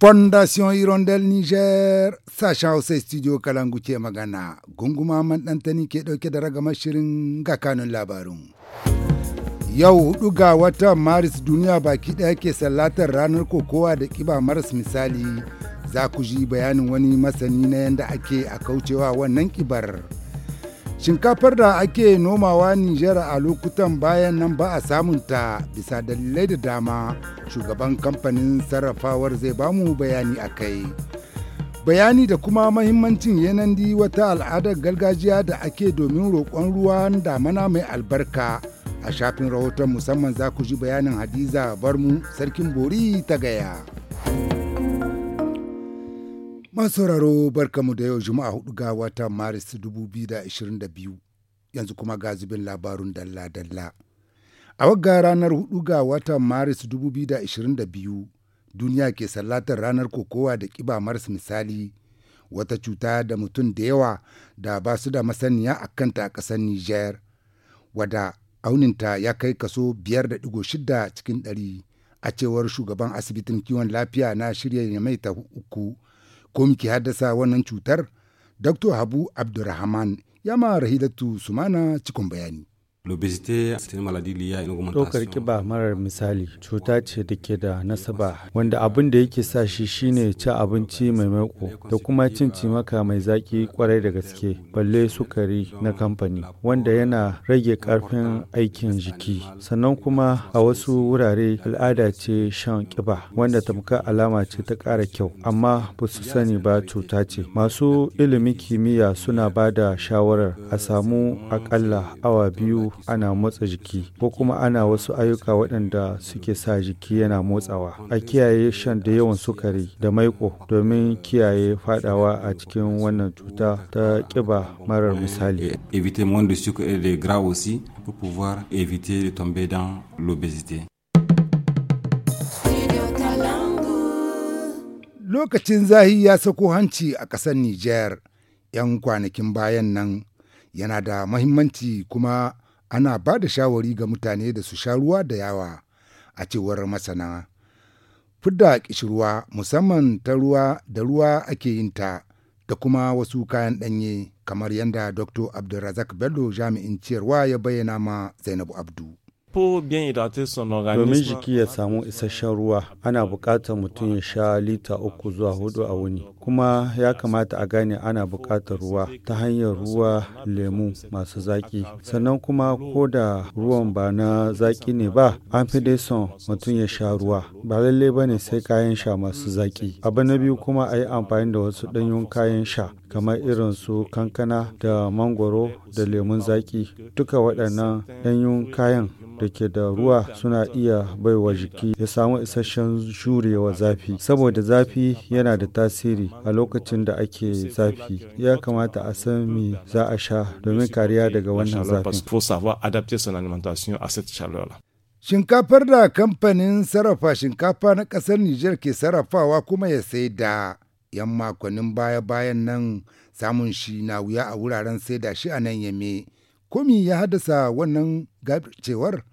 fondation hirondel niger Sacha hausa studio kalangu ke magana gunguma man ɗantani ke ɗauke da ragamar shirin ga kanun yau hudu ga watan maris duniya baki ɗaya ke sallatar ranar kokowa da kiba maras misali za ku ji bayanin wani masani na yadda ake a kaucewa wannan kibar shinkafar da ake nomawa Nijar a lokutan bayan nan ba a samunta bisa dalilai da dama shugaban kamfanin sarrafawar zai bamu bayani a kai bayani da kuma mahimmancin yanandi wata al'adar gargajiya da ake domin roƙon ruwan damana mai albarka a shafin rahoton musamman za ku ji bayanin hadiza barmu sarkin bori ta gaya masauraro barkamu da yau juma'a 4 ga watan maris 2022 yanzu kuma ga zubin labarun dalla-dalla A wagga ranar hudu ga watan Maris 2022, duniya ke sallatar ranar kokowa da ƙiba maras misali, wata cuta da mutum da yawa da ba su da masaniya a kanta a ƙasar Nijar, wada auninta ya kai kaso 5.6 cikin ɗari. a cewar shugaban asibitin kiwon lafiya na shirya ya mai ta uku ko muke haddasa wannan cutar dr habu abdurrahman ya ma rahilatu sumana cikin bayani Obesity c'est une maladie liée à une augmentation. Ɗaukar kiba marar misali cuta ce da ke da nasaba wanda abin da yake sa shi shine ci abinci mai maiko da kuma cin cimaka mai zaki kwarai da gaske balle sukari na kamfani wanda yana rage karfin aikin jiki sannan kuma a wasu wurare al'ada ce shan kiba wanda tamkar alama ce ta ƙara kyau amma ba su sani ba cuta ce masu ilimin kimiyya suna ba da shawarar a samu akalla awa biyu ana motsa jiki ko kuma ana wasu ayyuka waɗanda suke sa jiki yana motsawa a kiyaye shan da yawan sukari da maiko domin kiyaye fadawa a cikin wannan cuta ta kiba marar misali eh, eh, lokacin zahi ya sako hanci a ƙasar niger 'yan kwanakin bayan nan yana da mahimmanci kuma ana ba da shawari ga mutane da su sha ruwa da yawa a cewar masana. Fidda ƙishirwa musamman ta ruwa da ruwa ake yin ta da kuma wasu kayan ɗanye kamar yadda Dr. Abdulrazak Bello jami'in ciyarwa ya bayyana ma Zainabu Abdu. Domin jiki ya samu isasshen ruwa, ana buƙatar mutum ya sha lita uku zuwa hudu a wuni. Kuma ya kamata a gane ana buƙatar ruwa ta hanyar ruwa lemu masu zaƙi. Sannan kuma ko da ruwan ba na zaƙi ne ba, an fi dai son mutum ya sha ruwa. Ba lallai ba ne sai kayan sha masu zaki Abu na biyu kuma a yi amfani da wasu ɗanyun kayan sha kamar irin su kankana da mangoro da lemun zaƙi. Duka waɗannan ɗanyun kayan da ke da ruwa suna iya baiwa jiki ya samu isasshen shurewa zafi saboda zafi yana da tasiri a lokacin da ake zafi ya kamata a san me za a sha domin kariya daga wannan zafin Shinkafar da kamfanin sarrafa shinkafa na ƙasar Nijar ke sarrafawa kuma ya sai da ‘yan makonnin baya-bayan nan samun shi na wuya a wuraren sai da shi a nan yame. Komi ya haddasa wannan gabcewar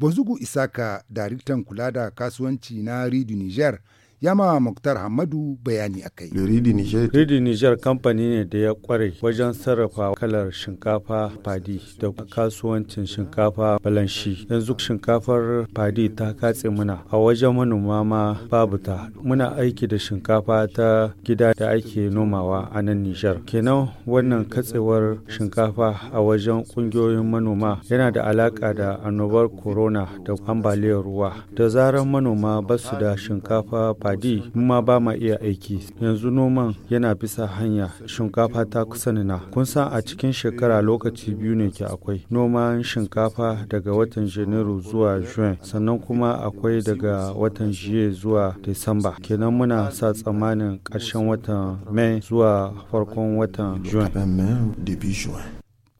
Bozugu Isaka, daraktan kula da kasuwanci na Redu Niger, Yama Muktar Hamadu bayani akai. Ridi Niger. Ridi Niger kamfani ne da ya kware wajen sarrafa kalar shinkafa fadi da kasuwancin shinkafa balanshi. Yanzu shinkafar fadi ta katse muna a wajen manoma ma babu ta. Muna aiki da shinkafa ta gida da ake nomawa a nan Niger. Kenan wannan katsewar shinkafa a wajen kungiyoyin manoma yana da alaka da annobar corona da ambaliyar ruwa. Da zarar manoma basu da shinkafa fadi ma ba ma iya aiki yanzu noman yana bisa hanya shinkafa ta kusa nuna kun san a cikin shekara lokaci biyu ne ke akwai noman shinkafa daga watan janairu zuwa juin sannan kuma akwai daga watan jiye zuwa disamba kenan muna sa tsammanin ƙarshen watan mai zuwa farkon watan juin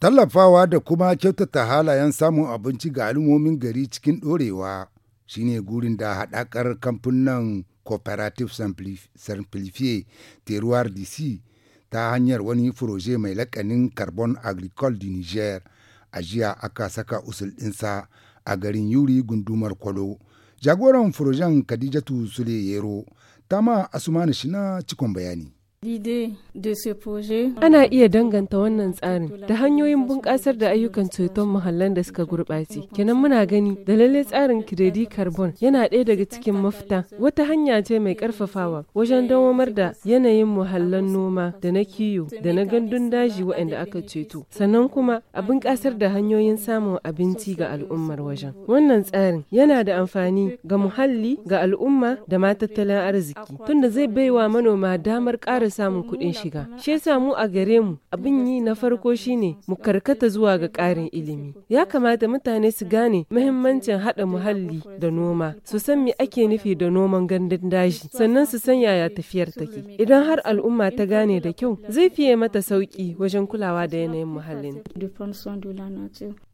tallafawa da kuma kyautata halayen samun abinci ga al'ummomin gari cikin ɗorewa shine gurin da haɗakar kamfunan cooperative simplifié terroir d'ici ta hanyar wani furoje mai lakanin carbon agricole du niger a jiya aka saka usul ɗinsa a garin yuri gundumar kwalo jagoran furojen khadijatu sule yero ta ma shi shina cikon bayani Ana iya danganta wannan tsarin da hanyoyin bunƙasar da ayyukan ceton muhallan da suka gurɓace. Kenan muna gani da lalle tsarin kiredi carbon yana ɗaya daga cikin mafita. Wata hanya ce mai ƙarfafawa wajen dawamar da yanayin muhallan noma da na kiyo da na gandun daji waɗanda aka ceto. Sannan kuma a bunƙasar da hanyoyin samun abinci ga al'ummar wajen. Wannan tsarin yana da amfani ga muhalli, ga al'umma da ma tattalin arziki. Tunda zai baiwa manoma damar ƙara iya samun kuɗin shiga shi yasa mu a gare mu abin yi na farko shine mu karkata zuwa ga ƙarin ilimi ya kamata mutane su gane muhimmancin haɗa muhalli da noma su san me ake nufi da noman gandun daji sannan su san yaya tafiyar take idan har al'umma ta gane da kyau zai fiye mata sauƙi wajen kulawa da yanayin muhallin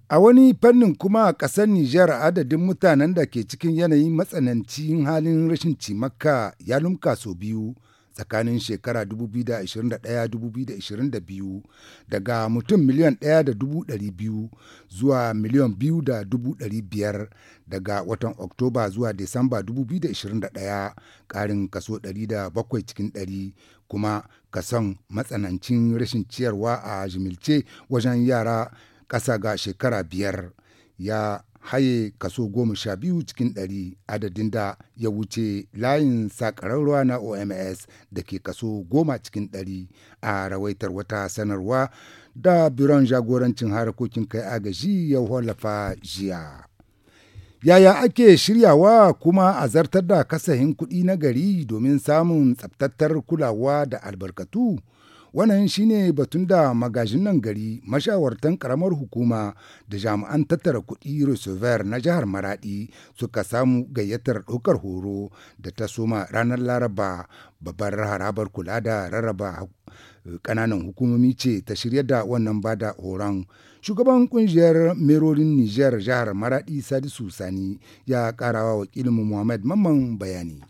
A wani fannin kuma a ƙasar Nijar adadin mutanen da ke cikin yanayin matsanancin halin rashin cimaka ya lumka sau biyu tsakanin shekara 2021-2022 daga mutum miliyan 1.200 zuwa miliyan 2.500 daga watan Oktoba zuwa Disamba 2021 ƙarin kaso 107 cikin 100 kuma kason matsanancin rashin ciyarwa a jimilce wajen yara ƙasa ga shekara biyar ya haye kaso goma sha biyu cikin ɗari adadin da ya wuce layin sakararwa na oms da ke kaso goma cikin ɗari a rawaitar wata sanarwa da biron jagorancin harakokin kai agaji ya wallafa jiya yaya ake shiryawa kuma a zartar da kasahin kuɗi na gari domin samun tsabtattar kulawa da albarkatu Wannan shine batun da magajin nan gari mashawartan karamar hukuma da jami'an tattara kuɗi Reservoir na jihar Maradi suka samu gayyatar ɗaukar horo da ta soma ranar Laraba babbar harabar kula da rarraba kananan hukumomi ce ta shirya da wannan bada horon shugaban kungiyar merorin niger jihar maradi sadisu sani ya karawa wakilin muhammad mamman bayani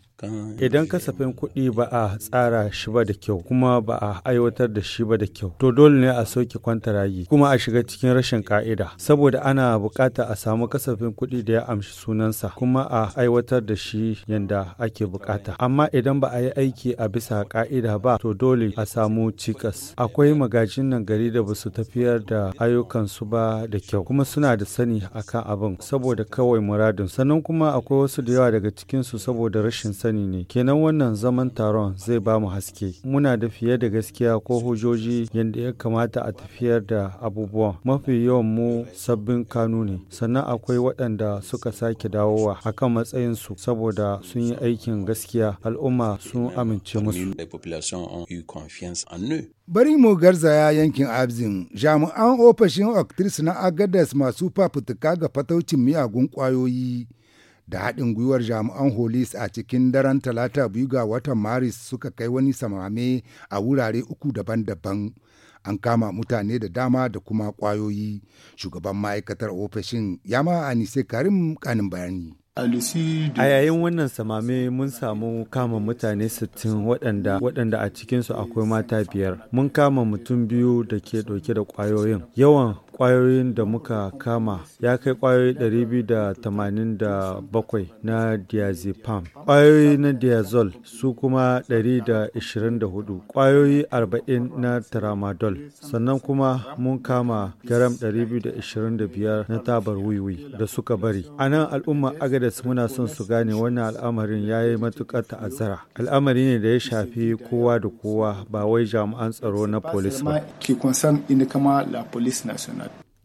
Idan kasafin kuɗi ba a tsara shi ba da kyau kuma ba a aiwatar da shi ba da kyau, to dole ne a soke kwantarayi kuma a shiga cikin rashin ka'ida. Saboda ana bukata a samu kasafin kuɗi da ya amshi sunansa kuma a aiwatar da shi yadda ake bukata. Amma idan ba a yi aiki a bisa ka'ida ba, to dole a samu cikas. Akwai magajin nan gari da basu tafiyar da ayyukansu ba da kyau kuma suna da sani akan abin saboda kawai muradin. Sannan kuma akwai wasu da yawa daga cikinsu saboda rashin sani sani ne kenan wannan zaman taron zai ba mu haske muna da fiye da gaskiya ko hujjoji yadda ya kamata a tafiyar da abubuwan mafi yawan mu sabbin kanu ne sannan akwai waɗanda suka sake dawowa a kan matsayinsu saboda sun yi aikin gaskiya al'umma sun amince musu Bari mu garzaya yankin Abzin, jami'an ofishin Octris na Agadas masu fafutuka ga fataucin miyagun kwayoyi. da haɗin gwiwar jami'an holis a cikin daren talata biyu ga watan maris suka kai wani samame a wurare uku daban-daban an kama mutane da dama da kuma ƙwayoyi shugaban ma'aikatar ofishin ya a nise karim kanin bayani A yayin wannan samame mun samu kama mutane 60 waɗanda waɗanda a cikinsu akwai mata biyar. Mun kama mutum biyu da ke ɗauke da ƙwayoyin. Yawan kwayoyin da muka kama ya kai kwayoyi 287 na diazepam kwayoyi na diazol su kuma 124 kwayoyi 40 na tramadol sannan kuma mun kama garam 225 na tabar wiwi da suka bari a nan al'umma agadas muna son su gane wannan al'amarin ya yi matuƙar ta'azzara al'amari ne da ya shafi kowa da kowa ba wai jami'an tsaro na polis ba.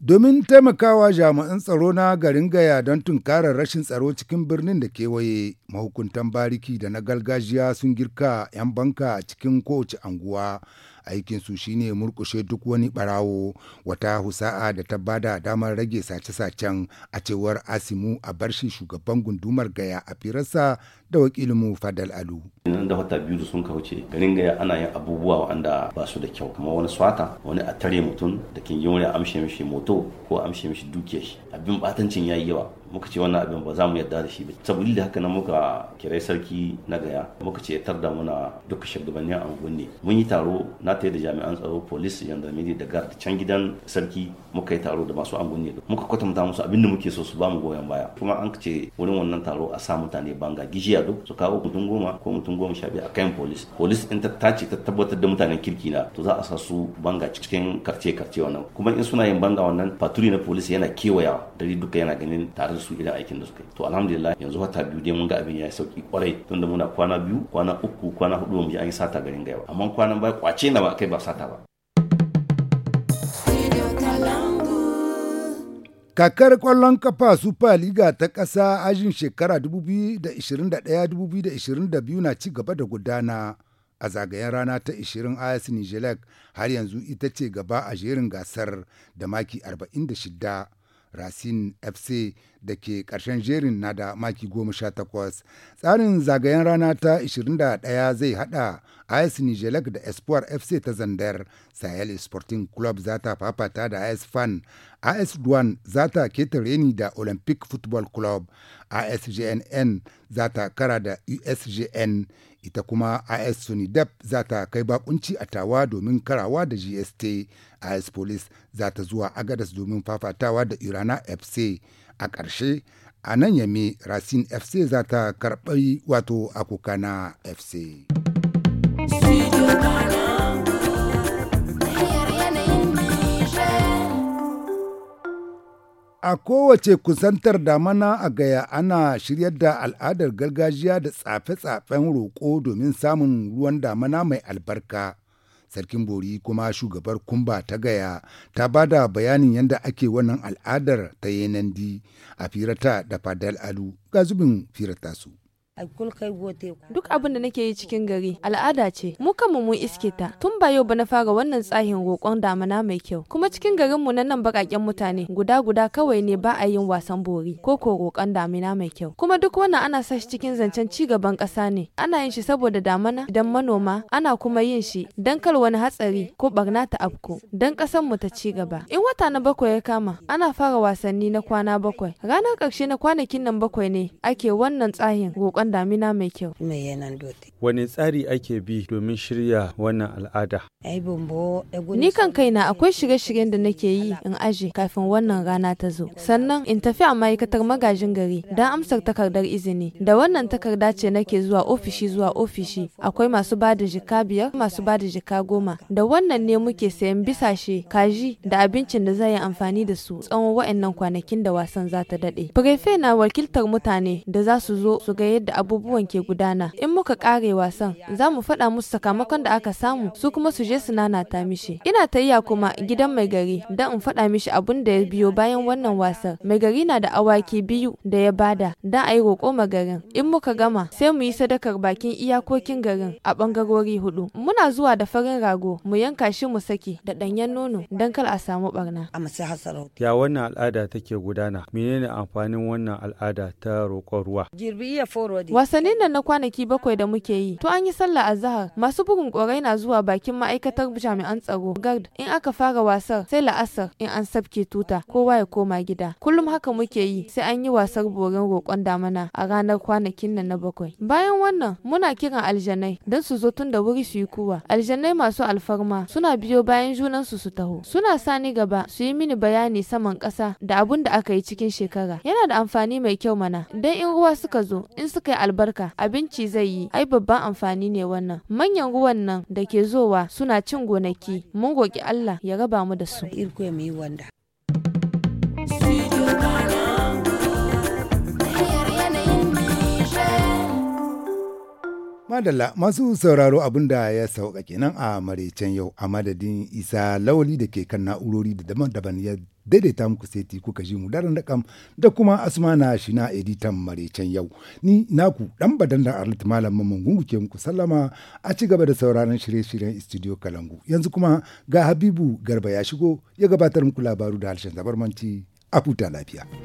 domin taimakawa jami'an tsaro na garin gaya don tunkarar rashin tsaro cikin birnin da kewaye mahukuntan bariki da na gargajiya sun girka 'yan banka a cikin kowace anguwa aikinsu shine murkushe duk wani barawo wata husa'a da ta bada damar rage sace-sacen a cewar asimu a barshi shugaban gundumar gaya a firarsa da wakilinmu fadal alu nan da wata biyu sun kauce garin gaya ana yin abubuwa wanda ba su da kyau kuma wani swata wani a tare mutum da kin yi wani amshe mishi moto ko amshe mishi dukiyar shi abin batancin yayi yawa muka ce wannan abin ba za mu yarda da shi ba saboda haka nan muka kirai sarki na gaya muka ce tar da muna duka shugabannin angon ne mun yi taro na tare da jami'an tsaro police gendarmerie da guard can gidan sarki muka yi taro da masu angon ne muka kwatanta musu abin da muke so su ba mu goyon baya kuma an ce wurin wannan taro a sa mutane banga gijiya duk su kawo mutum goma ko mutum goma sha biyu a kan police police in ta tace ta tabbatar da mutanen kirki na to za a sa su banga cikin karce karce wannan kuma in suna yin banga wannan faturi na police yana kewaya dare duka yana ganin tare su idan aikin da suka yi to alhamdulillah yanzu wata biyu dai mun ga abin ya sauki kwarai tunda muna kwana biyu kwana uku kwana hudu mu an yi sata garin gaya amma kwanan baya kwace na ba kai ba sata ba Kakar kwallon kafa Super Liga ta ƙasa ajin shekara 2021-2022 na ci gaba da gudana a zagayen rana ta 20 AS har yanzu ita ce gaba a jerin gasar da maki 46. Racine FC da ke ƙarshen jerin na da maki goma sha takwas. Tsarin zagayen rana ta 21 zai hada AS Nijelek da Espoir FC ta Zandar, Sahel Sporting Club za ta fafata da AS Fan, AS Duan za ta ketareni da Olympic Football Club, isgnn za ta kara da usgn. ita kuma is sunidep za ta kai bakunci a tawa domin karawa da gst is police za ta zuwa agadas domin fafatawa da irana fc a ƙarshe a nan yame racine fc za ta karɓi wato akuka na fc A kowace kusantar mana a gaya ana shiryar da al'adar gargajiya da tsafe-tsafen roƙo domin samun ruwan damana mai albarka. Sarkin Bori kuma shugabar kumba ta gaya ta ba da bayanin yadda ake wannan al'adar ta Yanandi, a firata da fadal alu ga zubin firata su. Duk abin da nake yi cikin gari al'ada ce, mu kanmu mun iske ta. Tun ba yau ba na fara wannan tsahin roƙon damana mai kyau. Kuma cikin garinmu na nan baƙaƙen mutane guda guda kawai ne ba a yin wasan bori ko ko roƙon damina mai kyau. Kuma duk wannan ana sa shi cikin zancen ci gaban ƙasa ne. Ana yin shi saboda damana idan manoma, ana kuma yin shi dan kar wani hatsari ko barna ta afko dan ƙasanmu mu ta ci gaba. In wata na bakwai ya kama, ana fara wasanni na kwana bakwai. Ranar ƙarshe na kwanakin nan bakwai ne ake wannan tsahin roƙon roƙon damina mai kyau. Wani tsari ake bi domin shirya wannan al'ada? Ni kan kaina akwai shirye-shiryen da nake yi in aje kafin wannan rana ta zo. Sannan in tafi a ma'aikatar magajin gari don amsar takardar izini. Da wannan takarda ce nake zuwa ofishi zuwa ofishi. Akwai masu ba da jika biyar, masu ba da jika goma. Da wannan ne muke sayan bisashe, kaji da abincin da zai yi amfani da su tsawon wa'annan kwanakin da wasan za ta daɗe. Firefe na wakiltar mutane da za su zo su ga yadda yadda abubuwan ke gudana in muka kare wasan za mu faɗa musu sakamakon da aka samu su kuma su je su nanata mishi ina tayya kuma gidan mai gari don in faɗa mishi abun da ya biyo bayan wannan wasan mai gari na da awaki biyu da ya bada don a yi roƙo garin in muka gama sai mu yi sadakar bakin iyakokin garin a ɓangarori hudu muna zuwa da farin rago mu yanka shi mu saki da ɗanyen nono don kar a samu barna ya wannan al'ada take gudana menene amfanin wannan al'ada ta roƙon ruwa Wasannin nan na kwanaki bakwai da muke yi. To an yi sallah azahar Masu bugun korai na zuwa bakin ma'aikatar jami'an tsaro. Gard, in aka fara wasar sai la'asar in an sabke tuta kowa ya koma gida. Kullum haka muke yi sai an yi wasar borin roƙon damana a ranar kwanakin nan na bakwai. Bayan wannan muna kiran aljanai don su zo tun da wuri su yi kuwa. Aljanai masu alfarma suna biyo bayan junansu su taho. Suna sani gaba su yi mini bayani saman ƙasa da abun da aka yi cikin shekara. Yana da amfani mai kyau mana. Dan in ruwa suka zo in suka da albarka abinci zai yi ai babban amfani ne wannan manyan ruwan nan da ke zowa suna cin gonaki mun goki Allah ya raba mu da su. Irko mai wanda. Madalla masu sauraro abin da ya sauka kenan a maraicen yau a madadin isa lawali da ke kan na'urori da daban-daban ya daidaita muku seti kuka ji mu daren da kam da kuma asmana shi na editan maraicen yau ni naku dan badan da arlit malam mamman gungu ke muku sallama a ci gaba da sauraron shirye-shiryen studio kalangu yanzu kuma ga habibu garba ya shigo ya gabatar muku labaru da harshen zabarmanci a futa lafiya.